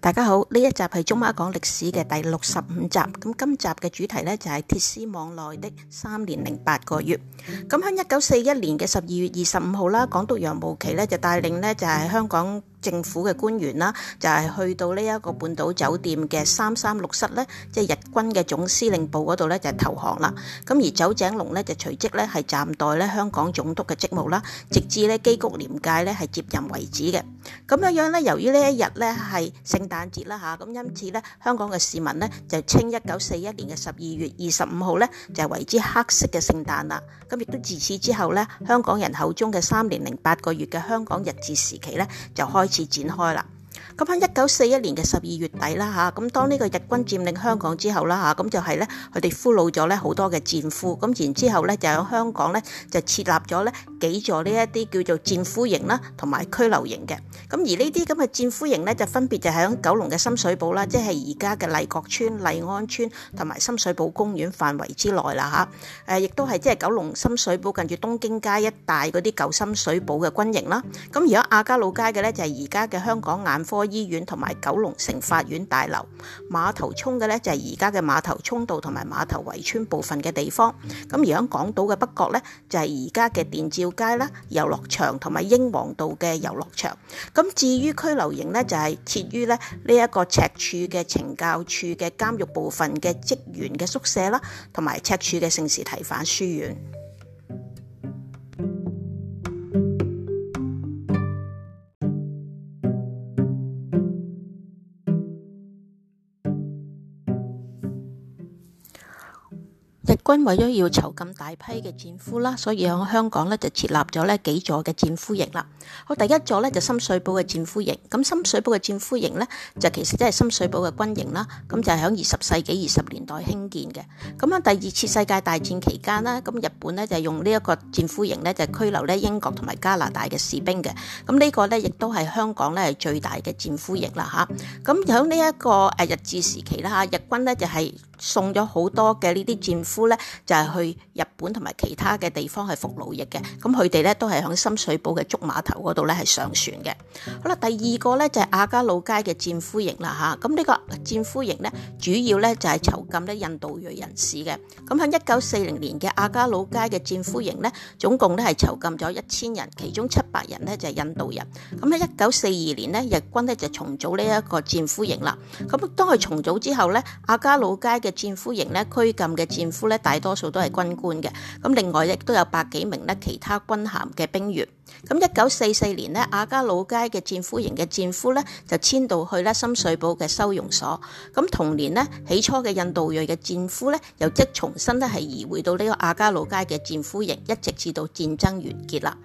大家好，呢一集係中媽講歷史嘅第六十五集。咁今集嘅主題呢就係鐵絲網內的三年零八個月。咁喺一九四一年嘅十二月二十五號啦，港督楊慕琦呢就帶領呢就係香港。政府嘅官員啦，就係、是、去到呢一個半島酒店嘅三三六室咧，即、就、係、是、日軍嘅總司令部嗰度咧，就是、投降啦。咁而酒井隆咧就隨即咧係暫代咧香港總督嘅職務啦，直至咧磯谷廉介咧係接任為止嘅。咁樣樣咧，由於呢一日咧係聖誕節啦吓，咁因此咧香港嘅市民咧就稱一九四一年嘅十二月二十五號咧就係為之黑色嘅聖誕啦。咁亦都自此之後咧，香港人口中嘅三年零八個月嘅香港日治時期咧就開。次展開啦。咁喺一九四一年嘅十二月底啦吓，咁當呢個日軍佔領香港之後啦吓，咁就係咧佢哋俘虜咗咧好多嘅戰俘，咁然之後咧就喺香港咧就設立咗咧幾座呢一啲叫做戰俘營啦，同埋拘留營嘅。咁而呢啲咁嘅戰俘營咧就分別就喺九龍嘅深水埗啦，即係而家嘅麗閣村、麗安村同埋深水埗公園範圍之內啦吓，誒，亦都係即係九龍深水埗近住東京街一帶嗰啲舊深水埗嘅軍營啦。咁而家亞皆老街嘅咧就係而家嘅香港眼科醫院同埋九龍城法院大樓，碼頭涌嘅咧就係而家嘅碼頭涌道同埋碼頭圍村部分嘅地方。咁而喺港島嘅北角咧就係而家嘅電照街啦、遊樂場同埋英皇道嘅遊樂場。咁至於拘留營呢，就係設於咧呢一個赤柱嘅懲教處嘅監獄部分嘅職員嘅宿舍啦，同埋赤柱嘅聖士提反書院。軍為咗要求咁大批嘅戰俘啦，所以喺香港咧就設立咗呢幾座嘅戰俘營啦。好，第一座咧就深水埗嘅戰俘營，咁深水埗嘅戰俘營咧就其實即係深水埗嘅軍營啦。咁就喺二十世紀二十年代興建嘅。咁喺第二次世界大戰期間啦，咁日本咧就用呢一個戰俘營咧就拘留咧英國同埋加拿大嘅士兵嘅。咁呢個咧亦都係香港咧係最大嘅戰俘營啦嚇。咁喺呢一個日治時期啦，日軍咧就係送咗好多嘅呢啲戰俘咧。就係去日本同埋其他嘅地方係服勞役嘅，咁佢哋咧都係響深水埗嘅竹碼頭嗰度咧係上船嘅。好啦，第二個咧就係、是、亞皆老街嘅戰俘營啦吓，咁呢個戰俘營咧主要咧就係、是、囚禁咧印度裔人士嘅。咁喺一九四零年嘅亞皆老街嘅戰俘營咧，總共咧係囚禁咗一千人，其中七百人呢就係、是、印度人。咁喺一九四二年呢，日軍咧就重組呢一個戰俘營啦。咁當佢重組之後咧，亞皆老街嘅戰俘營咧拘禁嘅戰俘咧。大多數都係軍官嘅，咁另外亦都有百幾名咧其他軍銜嘅兵員。咁一九四四年呢，亞皆老街嘅戰俘營嘅戰俘呢，就遷到去咧深水埗嘅收容所。咁同年呢，起初嘅印度裔嘅戰俘呢，又即重新咧係移回到呢個亞皆老街嘅戰俘營，一直至到戰爭完結啦。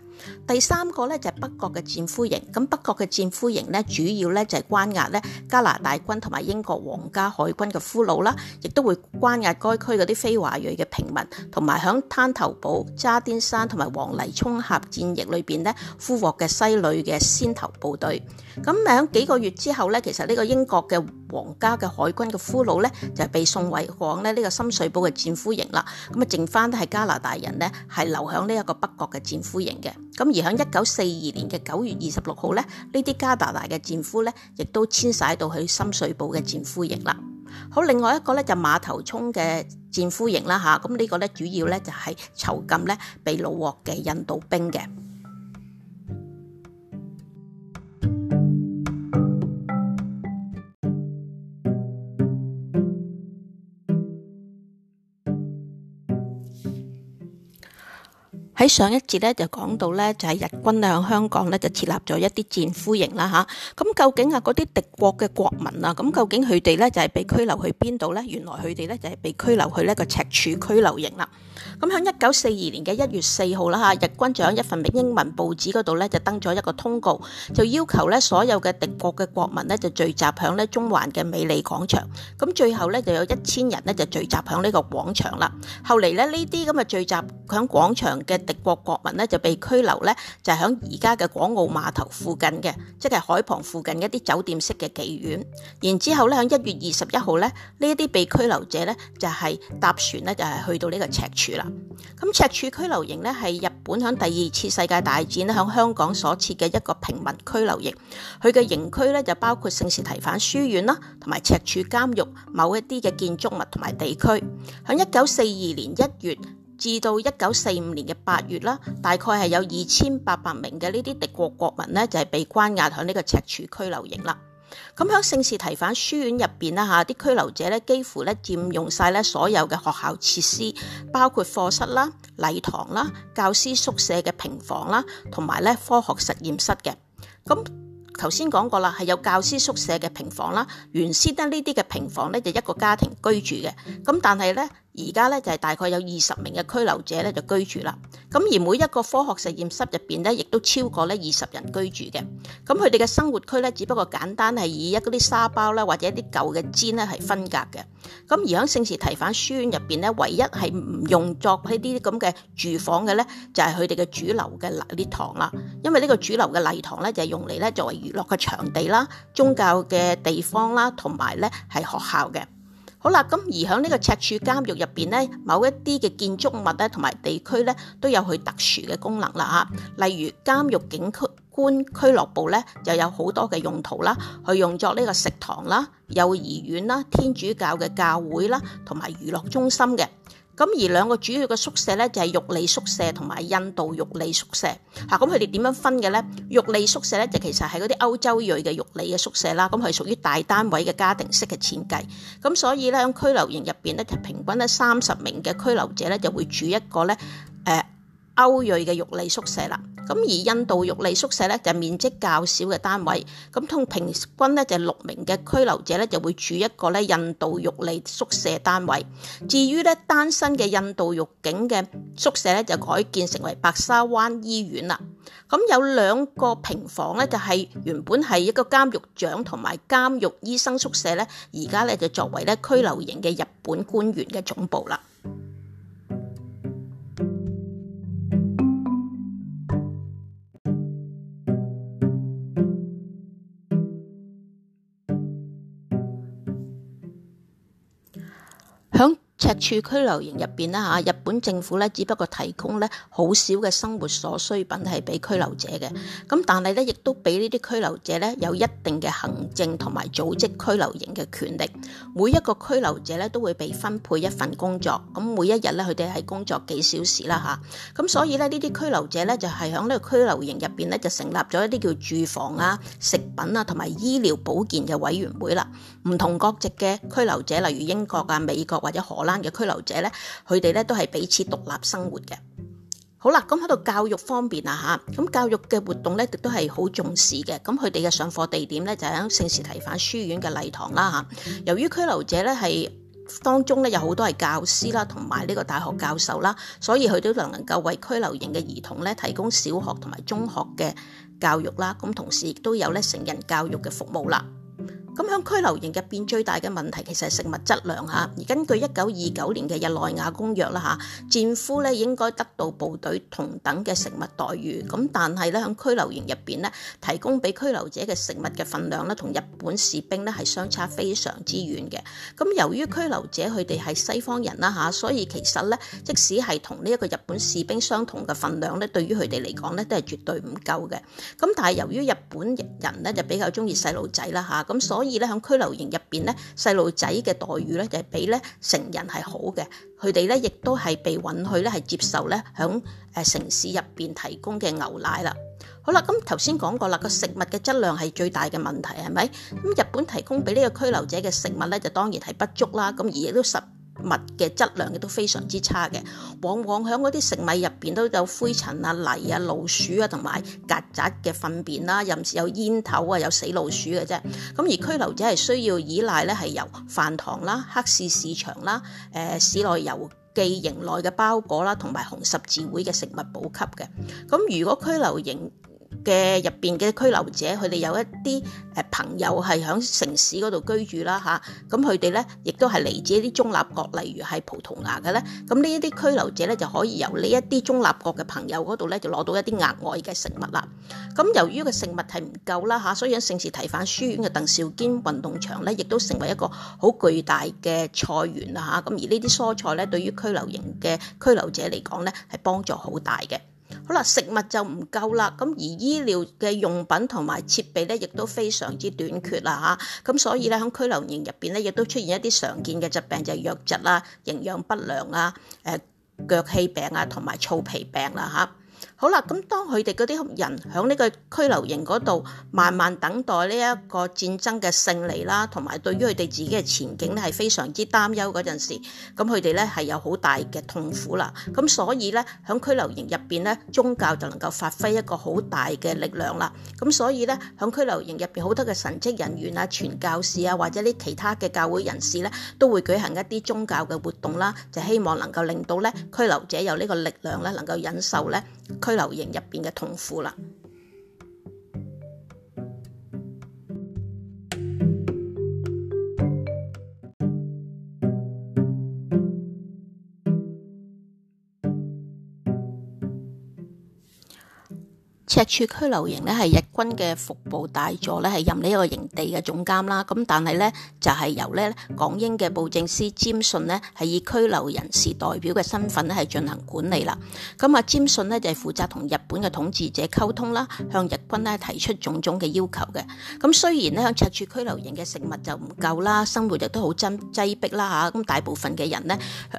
第三個咧就係北角嘅戰俘營，咁北角嘅戰俘營呢，主要咧就係關押咧加拿大軍同埋英國皇家海軍嘅俘虜啦，亦都會關押該區嗰啲非華裔嘅平民，同埋響灘頭堡、渣甸山同埋黃泥涌峽戰役裏邊呢俘獲嘅西旅嘅先頭部隊。咁喺幾個月之後咧，其實呢個英國嘅皇家嘅海軍嘅俘虜咧就係被送往咧呢個深水埗嘅戰俘營啦。咁啊，剩返都係加拿大人呢，係留響呢一個北角嘅戰俘營嘅。咁而喺一九四二年嘅九月二十六號咧，呢啲加拿大嘅戰俘咧亦都遷徙到去深水埗嘅戰俘營啦。好，另外一個咧就馬頭涌嘅戰俘營啦嚇。咁、啊、呢個咧主要咧就係囚禁咧被俘獲嘅印度兵嘅。喺上一節咧就講到咧就係日軍向香港咧就設立咗一啲戰俘營啦嚇，咁究竟啊嗰啲敵國嘅國民啊，咁究竟佢哋咧就係被拘留去邊度咧？原來佢哋咧就係被拘留去呢個赤柱拘留營啦。咁喺一九四二年嘅一月四號啦嚇，日軍就喺一份英英文報紙嗰度咧就登咗一個通告，就要求咧所有嘅敵國嘅國民呢，就聚集響咧中環嘅美利廣場。咁最後咧就有一千人呢，就聚集響呢個廣場啦。後嚟呢，呢啲咁嘅聚集響廣場嘅國國民咧就被拘留咧，就喺而家嘅港澳碼頭附近嘅，即係海旁附近嘅一啲酒店式嘅妓院。然之後咧，喺一月二十一號咧，呢一啲被拘留者咧就係搭船咧，就係去到呢個赤柱啦。咁赤柱拘留營咧係日本喺第二次世界大戰咧喺香港所設嘅一個平民拘留營。佢嘅營區咧就包括聖士提反書院啦，同埋赤柱監獄某一啲嘅建築物同埋地區。喺一九四二年一月。至到一九四五年嘅八月啦，大概係有二千八百名嘅呢啲敵國國民呢，就係、是、被關押喺呢個赤柱拘留營啦。咁喺聖士提反書院入邊啦嚇，啲拘留者呢，幾乎咧佔用晒咧所有嘅學校設施，包括課室啦、禮堂啦、教師宿舍嘅平房啦，同埋咧科學實驗室嘅。咁頭先講過啦，係有教師宿舍嘅平房啦。原先咧呢啲嘅平房咧就一個家庭居住嘅，咁但係咧。而家咧就係大概有二十名嘅拘留者咧就居住啦，咁而每一個科學實驗室入面咧，亦都超過咧二十人居住嘅。咁佢哋嘅生活區咧，只不過簡單係以一啲沙包啦，或者一啲舊嘅氈咧係分隔嘅。咁而喺聖士提反書院入面咧，唯一係唔用作呢啲咁嘅住房嘅咧，就係佢哋嘅主樓嘅禮堂啦。因為呢個主樓嘅禮堂咧，就係用嚟咧作為娛樂嘅場地啦、宗教嘅地方啦，同埋咧係學校嘅。好啦，咁而喺呢個赤柱監獄入面呢，某一啲嘅建築物咧，同埋地區咧，都有佢特殊嘅功能啦嚇。例如監獄警官俱樂部咧，就有好多嘅用途啦，去用作呢個食堂啦、幼兒園啦、天主教嘅教會啦，同埋娛樂中心嘅。咁而兩個主要嘅宿舍咧，就係玉里宿舍同埋印度玉里宿舍。吓，咁佢哋點樣分嘅咧？玉里宿舍咧，就其實係嗰啲歐洲裔嘅玉里嘅宿舍啦。咁、啊、佢屬於大單位嘅家庭式嘅設計。咁、啊、所以咧，響拘留營入面咧，平均咧三十名嘅拘留者咧，就會住一個咧，呃歐裔嘅獄吏宿舍啦，咁而印度獄吏宿舍咧就是面積較少嘅單位，咁同平均咧就六名嘅拘留者咧就會住一個咧印度獄吏宿舍單位。至於咧單身嘅印度獄警嘅宿舍咧就改建成為白沙灣醫院啦。咁有兩個平房咧就係原本係一個監獄長同埋監獄醫生宿舍咧，而家咧就作為咧拘留營嘅日本官員嘅總部啦。處拘留營入邊咧嚇，日本政府咧只不過提供咧好少嘅生活所需品係俾拘留者嘅，咁但係咧亦都俾呢啲拘留者咧有一定嘅行政同埋組織拘留營嘅權力。每一個拘留者咧都會被分配一份工作，咁每一日咧佢哋係工作幾小時啦嚇，咁所以咧呢啲拘留者咧就係喺呢個拘留營入邊咧就成立咗一啲叫住房啊、食品啊同埋醫療保健嘅委員會啦。唔同國籍嘅拘留者，例如英國啊、美國或者荷蘭嘅拘留者咧，佢哋咧都係彼此獨立生活嘅。好啦，咁喺度教育方面啊，吓，咁教育嘅活動咧亦都係好重視嘅。咁佢哋嘅上課地點咧就喺聖士提反書院嘅禮堂啦，吓。由於拘留者咧係當中咧有好多係教師啦，同埋呢個大學教授啦，所以佢都能夠為拘留營嘅兒童咧提供小學同埋中學嘅教育啦。咁同時亦都有咧成人教育嘅服務啦。咁喺拘留營入邊最大嘅問題，其實係食物質量吓。而根據一九二九年嘅日內瓦公約啦吓，戰俘咧應該得到部隊同等嘅食物待遇。咁但係咧喺拘留營入邊咧，提供俾拘留者嘅食物嘅份量咧，同日本士兵咧係相差非常之遠嘅。咁由於拘留者佢哋係西方人啦吓，所以其實咧即使係同呢一個日本士兵相同嘅份量咧，對於佢哋嚟講咧都係絕對唔夠嘅。咁但係由於日本人咧就比較中意細路仔啦吓，咁所以所以咧，喺拘留營入邊咧，細路仔嘅待遇咧就係比咧成人係好嘅，佢哋咧亦都係被允許咧係接受咧喺誒城市入邊提供嘅牛奶啦。好啦，咁頭先講過啦，個食物嘅質量係最大嘅問題，係咪？咁日本提供俾呢個拘留者嘅食物咧，就當然係不足啦。咁而亦都十。物嘅質量亦都非常之差嘅，往往喺嗰啲食物入邊都有灰塵啊、泥啊、老鼠啊同埋曱甴嘅糞便啦、啊，甚至有煙頭啊、有死老鼠嘅啫。咁而拘留者係需要依賴咧，係由飯堂啦、啊、黑市市場啦、啊、誒、呃、市內郵寄營內嘅包裹啦、啊，同埋紅十字會嘅食物補給嘅。咁如果拘留營嘅入邊嘅拘留者，佢哋有一啲誒朋友係喺城市嗰度居住啦嚇，咁佢哋咧亦都係嚟自一啲中立國，例如係葡萄牙嘅咧，咁呢一啲拘留者咧就可以由呢一啲中立國嘅朋友嗰度咧就攞到一啲額外嘅食物啦。咁由於個食物係唔夠啦嚇，所以喺聖士提反書院嘅鄧肇堅運動場咧，亦都成為一個好巨大嘅菜園啦嚇。咁而呢啲蔬菜咧，對於拘留營嘅拘留者嚟講咧，係幫助好大嘅。好啦，食物就唔夠啦，咁而醫療嘅用品同埋設備咧，亦都非常之短缺啦嚇。咁、啊、所以咧，喺拘留營入邊咧，亦都出現一啲常見嘅疾病，就係瘧疾啦、營養不良啊、誒腳氣病啊，同埋糙皮病啦嚇。啊好啦，咁當佢哋嗰啲人喺呢個拘留營嗰度，慢慢等待呢一個戰爭嘅勝利啦，同埋對於佢哋自己嘅前景咧係非常之擔憂嗰陣時，咁佢哋咧係有好大嘅痛苦啦。咁所以咧喺拘留營入邊咧，宗教就能夠發揮一個好大嘅力量啦。咁所以咧喺拘留營入邊，好多嘅神職人員啊、傳教士啊，或者呢其他嘅教會人士咧，都會舉行一啲宗教嘅活動啦，就希望能夠令到咧拘留者有呢個力量咧，能夠忍受咧流刑入邊嘅痛苦啦。赤柱拘留營呢係日軍嘅服部大佐咧係任呢一個營地嘅總監啦，咁但係咧就係由咧港英嘅布政司詹遜，呢，係以拘留人士代表嘅身份咧係進行管理啦。咁啊詹遜呢，就係負責同日本嘅統治者溝通啦，向日軍咧提出種種嘅要求嘅。咁雖然呢，喺赤柱拘留營嘅食物就唔夠啦，生活亦都好真擠迫啦吓，咁大部分嘅人呢，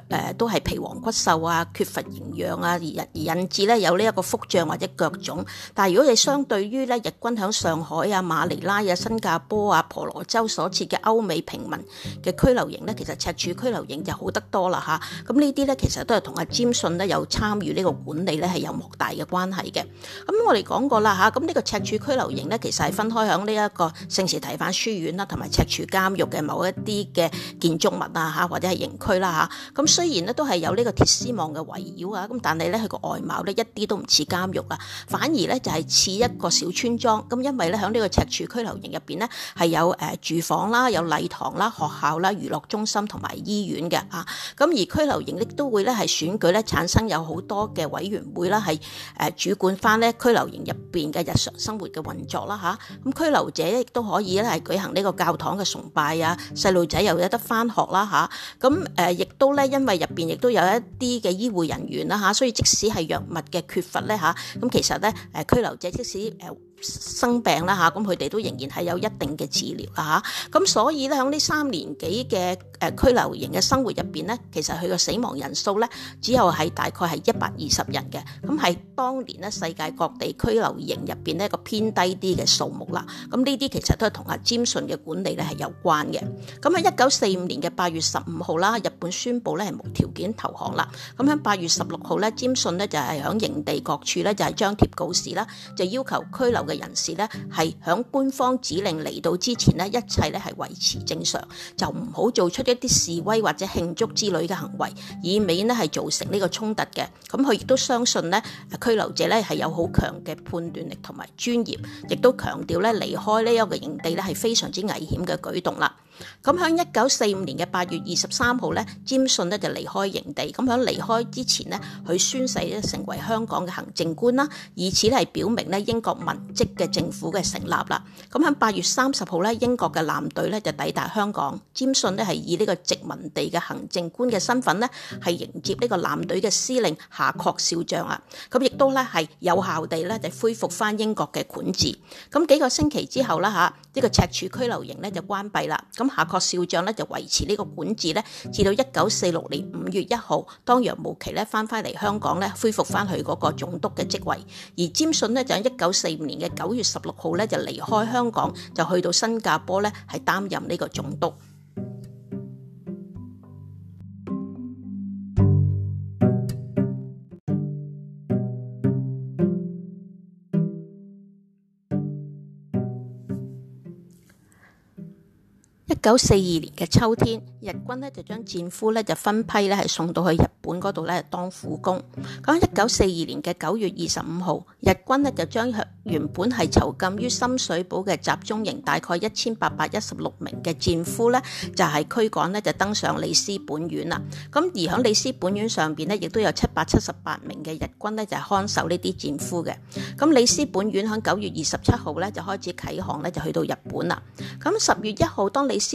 誒都係皮黃骨瘦啊，缺乏營養啊，而引致咧有呢一個腹脹或者腳腫。但係如果你相對於咧，日軍喺上海啊、馬尼拉啊、新加坡啊、婆羅洲所設嘅歐美平民嘅拘留營呢，其實赤柱拘留營就好得多啦嚇。咁呢啲呢，其實都係同阿詹遜呢有參與呢個管理呢係有莫大嘅關係嘅。咁我哋講過啦嚇，咁呢個赤柱拘留營呢，其實係分開喺呢一個聖士提反書院啦，同埋赤柱監獄嘅某一啲嘅建築物啊嚇，或者係營區啦嚇。咁雖然呢都係有呢個鐵絲網嘅圍繞啊，咁但係呢，佢個外貌呢，一啲都唔似監獄啦，反而呢。就係似一個小村莊咁，因為咧喺呢個赤柱拘留營入邊咧，係有誒住房啦、有禮堂啦、學校啦、娛樂中心同埋醫院嘅啊。咁而拘留營亦都會咧係選舉咧產生有好多嘅委員會啦，係誒主管翻咧拘留營入邊嘅日常生活嘅運作啦嚇。咁拘留者亦都可以咧係舉行呢個教堂嘅崇拜啊，細路仔又有得翻學啦嚇。咁誒亦都咧，因為入邊亦都有一啲嘅醫護人員啦嚇，所以即使係藥物嘅缺乏咧嚇，咁其實咧。誒拘留者，即使誒，生病啦吓，咁佢哋都仍然係有一定嘅治療啦吓，咁所以咧喺呢三年幾嘅誒拘留營嘅生活入邊呢，其實佢嘅死亡人數呢，只有喺大概係一百二十人嘅，咁係當年呢，世界各地拘留營入邊咧個偏低啲嘅數目啦。咁呢啲其實都係同阿詹信嘅管理呢係有關嘅。咁喺一九四五年嘅八月十五號啦，日本宣布咧係無條件投降啦。咁喺八月十六號呢，詹信呢就係喺營地各處呢，就係張貼告示啦，就要求拘留。嘅人士咧，係喺官方指令嚟到之前咧，一切咧係維持正常，就唔好做出一啲示威或者慶祝之類嘅行為，以免呢係造成呢個衝突嘅。咁佢亦都相信呢拘留者咧係有好強嘅判斷力同埋專業，亦都強調咧離開呢一個營地咧係非常之危險嘅舉動啦。咁喺一九四五年嘅八月二十三號咧，詹遜咧就離開營地。咁喺離開之前呢，佢宣誓咧成為香港嘅行政官啦，以此嚟表明咧英國文職嘅政府嘅成立啦。咁喺八月三十號咧，英國嘅艦隊咧就抵達香港。詹遜呢係以呢個殖民地嘅行政官嘅身份呢，係迎接呢個艦隊嘅司令夏確少將啊。咁亦都咧係有效地咧就恢復翻英國嘅管治。咁幾個星期之後啦吓。呢個赤柱拘留營咧就關閉啦，咁夏確少將咧就維持呢個管治咧，至到一九四六年五月一號，當楊慕琦咧翻返嚟香港咧，恢復翻去嗰個總督嘅職位，而詹信咧就喺一九四五年嘅九月十六號咧就離開香港，就去到新加坡咧係擔任呢個總督。九四二年嘅秋天，日軍呢就將戰俘呢就分批呢係送到去日本嗰度呢當苦工。咁一九四二年嘅九月二十五號，日軍呢就將原本係囚禁於深水埗嘅集中營大概一千八百一十六名嘅戰俘呢就係驅趕呢就登上里斯本丸啦。咁而喺里斯本丸上邊呢，亦都有七百七十八名嘅日軍呢就看守呢啲戰俘嘅。咁里斯本丸喺九月二十七號呢就開始啟航呢，就去到日本啦。咁十月一號，當里斯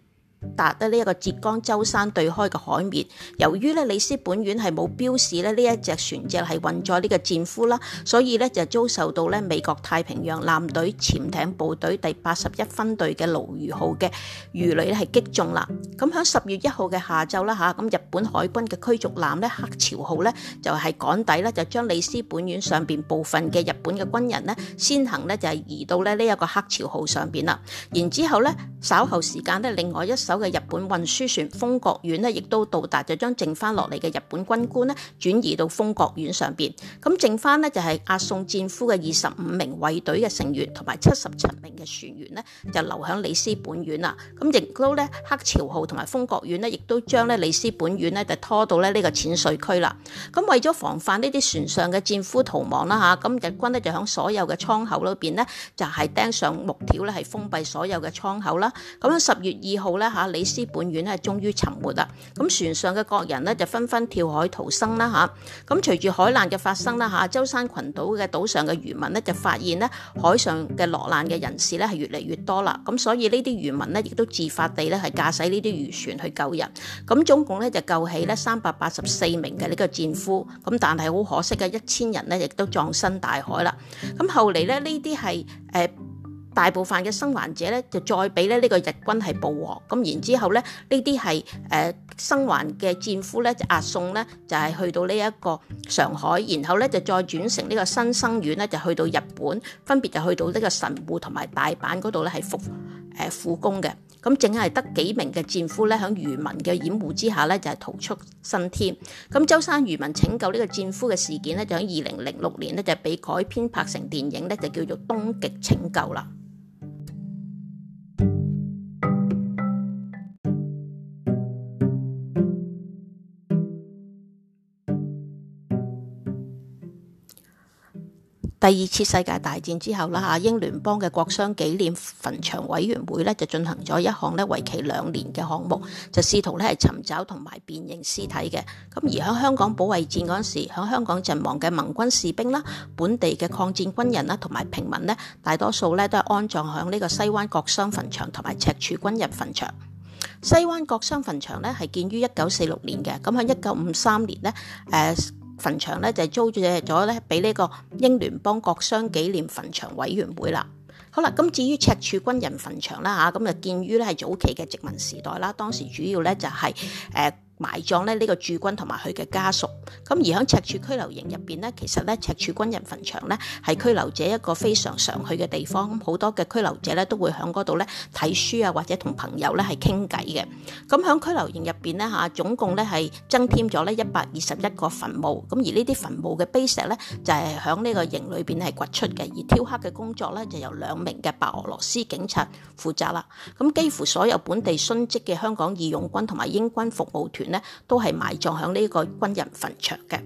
達得呢一個浙江舟山對開嘅海面，由於呢里斯本丸係冇標示呢，呢一隻船隻係運載呢個戰俘啦，所以呢就遭受到呢美國太平洋艦隊潛艇部隊第八十一分隊嘅鱸魚號嘅魚雷係擊中啦。咁喺十月一號嘅下晝啦嚇，咁日本海軍嘅驅逐艦呢，黑潮號呢，就係趕抵呢，就將里斯本丸上面部分嘅日本嘅軍人呢先行呢，就係移到呢呢一個黑潮號上面啦。然之後呢，稍後時間呢，另外一嘅日本運輸船豐國丸咧，亦都到達，就將剩翻落嚟嘅日本軍官咧轉移到豐國丸上邊。咁剩翻咧就係押送戰俘嘅二十五名衛隊嘅成員同埋七十七名嘅船員咧，就留喺里斯本丸啦。咁亦都咧黑潮號同埋豐國丸咧，亦都將咧里斯本丸咧就拖到咧呢個淺水區啦。咁為咗防範呢啲船上嘅戰俘逃亡啦嚇，咁日軍咧就喺所有嘅倉口裏邊咧就係、係、釘上木條咧，係封閉所有嘅倉口啦。咁十月二號咧阿里斯本丸咧，終於沉沒啦！咁船上嘅各人呢，就紛紛跳海逃生啦吓，咁隨住海難嘅發生啦嚇，舟山群島嘅島上嘅漁民呢，就發現呢海上嘅落難嘅人士呢，係越嚟越多啦。咁所以呢啲漁民呢，亦都自發地呢，係駕駛呢啲漁船去救人。咁總共呢，就救起呢三百八十四名嘅呢個戰俘。咁但係好可惜嘅，一千人呢，亦都葬身大海啦。咁後嚟呢，呢啲係誒。呃大部分嘅生還者咧，就再俾咧呢個日軍係捕獲，咁然之後咧，呢啲係誒生還嘅戰俘咧，就押送咧就係、是、去到呢一個上海，然後咧就再轉乘呢個新生院咧，就去到日本，分別就去到呢個神戶同埋大阪嗰度咧係服誒服工嘅，咁淨係得幾名嘅戰俘咧，響漁民嘅掩護之下咧，就係、是、逃出生天。咁舟山漁民拯救呢個戰俘嘅事件咧，就喺二零零六年咧就俾改編拍成電影咧，就叫做《東極拯救》啦。第二次世界大戰之後啦，哈英聯邦嘅國殤紀念墳場委員會咧就進行咗一項咧，為期兩年嘅項目，就試圖咧係尋找同埋辨認屍體嘅。咁而喺香港保衛戰嗰陣時候，喺香港陣亡嘅盟軍士兵啦、本地嘅抗戰軍人啦同埋平民咧，大多數咧都係安葬喺呢個西灣國殤墳場同埋赤柱軍人墳場。西灣國殤墳場咧係建於一九四六年嘅，咁喺一九五三年咧，誒、呃，墳場咧就係租借咗咧俾呢個英聯邦國殤紀念墳場委員會啦。好啦，咁至於赤柱軍人墳場啦吓，咁就建於咧係早期嘅殖民時代啦，當時主要咧就係、是、誒。呃埋葬呢個駐軍同埋佢嘅家屬，咁而喺赤柱拘留營入面呢，其實呢赤柱軍人墳場呢，係拘留者一個非常常去嘅地方，好多嘅拘留者呢，都會喺嗰度呢睇書啊，或者同朋友呢係傾偈嘅。咁喺拘留營入面呢，嚇，總共呢係增添咗呢一百二十一個墳墓，咁而呢啲墳墓嘅碑石呢，就係喺呢個營裏邊係掘出嘅，而雕刻嘅工作呢，就由兩名嘅白俄羅斯警察負責啦。咁幾乎所有本地殉職嘅香港義勇軍同埋英軍服務團。咧都係埋葬喺呢個軍人墳場嘅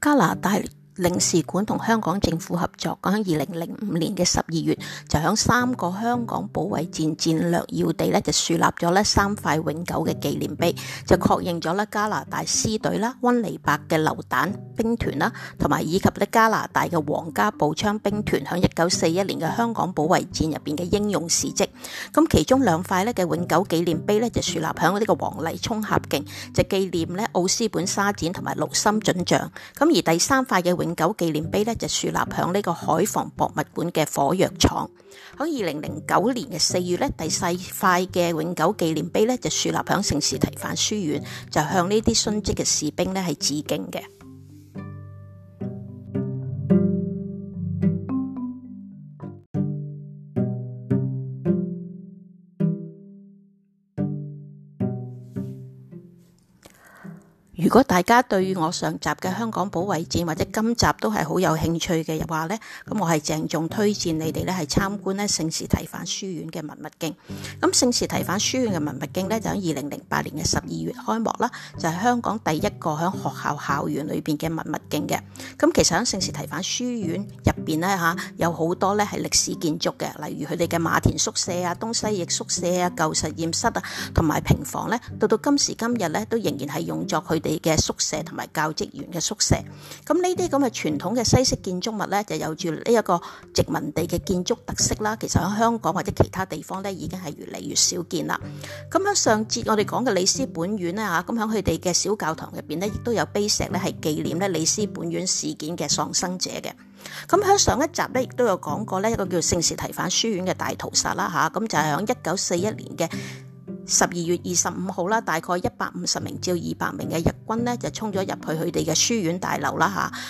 加拿大。領事館同香港政府合作，講喺二零零五年嘅十二月，就喺三個香港保衛戰戰略要地咧，就樹立咗呢三塊永久嘅紀念碑，就確認咗咧加拿大 C 隊啦、溫尼伯嘅榴彈兵團啦，同埋以及呢加拿大嘅皇家步槍兵團喺一九四一年嘅香港保衛戰入邊嘅英勇事蹟。咁其中兩塊呢嘅永久紀念碑呢，就樹立喺呢個黃泥涌峽徑，就紀念呢奧斯本沙展同埋羅遜准將。咁而第三塊嘅永久紀念碑咧就樹立響呢個海防博物館嘅火藥廠，喺二零零九年嘅四月咧，第四塊嘅永久紀念碑咧就樹立響聖士提反書院，就向呢啲殉職嘅士兵咧係致敬嘅。如果大家對我上集嘅香港保衛戰或者今集都係好有興趣嘅話呢，咁我係鄭重推薦你哋咧，係參觀聖士提反書院嘅文物徑。咁聖士提反書院嘅文物徑呢，就喺二零零八年嘅十二月開幕啦，就係、是、香港第一個喺學校校園裏邊嘅文物徑嘅。咁其實喺聖士提反書院入邊呢，吓，有好多呢係歷史建築嘅，例如佢哋嘅馬田宿舍啊、東西翼宿舍啊、舊實驗室啊，同埋平房呢到到今時今日呢，都仍然係用作佢。地嘅宿舍同埋教職員嘅宿舍，咁呢啲咁嘅傳統嘅西式建築物咧，就有住呢一個殖民地嘅建築特色啦。其實喺香港或者其他地方咧，已經係越嚟越少見啦。咁響上節我哋講嘅里斯本院，咧吓，咁響佢哋嘅小教堂入邊咧，亦都有碑石咧，係紀念咧里斯本院事件嘅喪生者嘅。咁響上一集咧，亦都有講過呢一個叫聖士提反書院嘅大屠殺啦吓，咁就係喺一九四一年嘅。十二月二十五號啦，大概一百五十名至二百名嘅日軍咧，就衝咗入去佢哋嘅書院大樓啦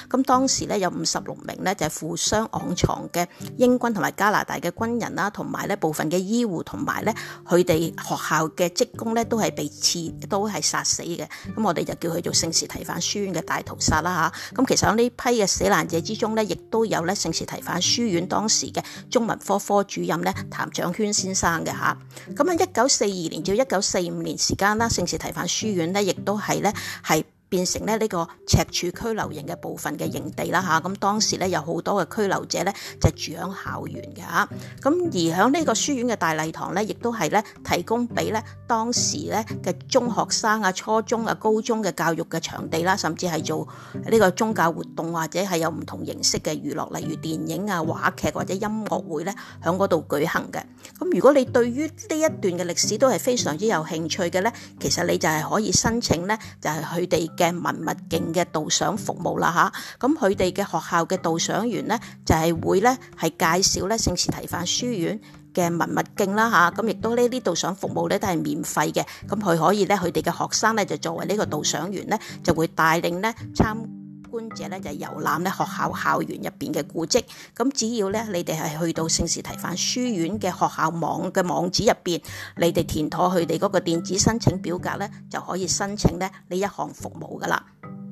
嚇。咁當時咧有五十六名咧就係負傷躺牀嘅英軍同埋加拿大嘅軍人啦，同埋咧部分嘅醫護同埋咧佢哋學校嘅職工咧都係被刺都係殺死嘅。咁我哋就叫佢做聖士提反書院嘅大屠殺啦嚇。咁其實喺呢批嘅死難者之中咧，亦都有咧聖士提反書院當時嘅中文科科主任咧譚長軒先生嘅嚇。咁喺一九四二年。照一九四五年時間咧，聖士提反書院咧，亦都係咧係，變成咧呢個赤柱拘留營嘅部分嘅營地啦嚇，咁當時咧有好多嘅拘留者咧就住喺校園嘅嚇，咁而喺呢個書院嘅大禮堂咧，亦都係咧提供俾咧當時咧嘅中學生啊、初中啊、高中嘅教育嘅場地啦，甚至係做呢個宗教活動或者係有唔同形式嘅娛樂，例如電影啊、話劇或者音樂會咧，喺嗰度舉行嘅。咁如果你對於呢一段嘅歷史都係非常之有興趣嘅咧，其實你就係可以申請咧，就係佢哋嘅文物徑嘅導賞服務啦吓，咁佢哋嘅學校嘅導賞員呢就係、是、會呢係介紹呢聖士提反書院嘅文物徑啦吓，咁、啊、亦都呢啲導賞服務呢都係免費嘅，咁佢可以呢佢哋嘅學生呢就作為呢個導賞員呢就會帶領呢參。參觀者咧就遊覽咧學校校園入邊嘅古蹟，咁只要咧你哋係去到聖士提反書院嘅學校網嘅網址入邊，你哋填妥佢哋嗰個電子申請表格咧，就可以申請咧呢一項服務噶啦。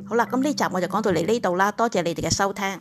好啦，咁呢集我就講到嚟呢度啦，多謝你哋嘅收聽。